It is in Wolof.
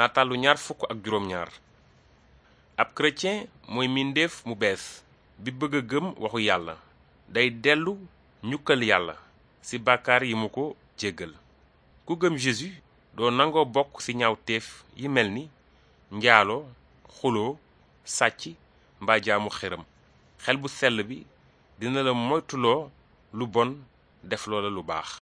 nataalu ñaar ak juróom-ñaar ab chrétien mooy mindeef mu bees bi bëgg a gëm waxu yàlla day dellu ñukkal yàlla ci bàkkaar yi mu ko jéggal ku gëm Jésus doo nangoo bokk ci ñaawteef yi mel ni njaaloo xuloo sàcc mbaa jaamu xel bu sell bi dina la moytuloo lu bon def loola lu baax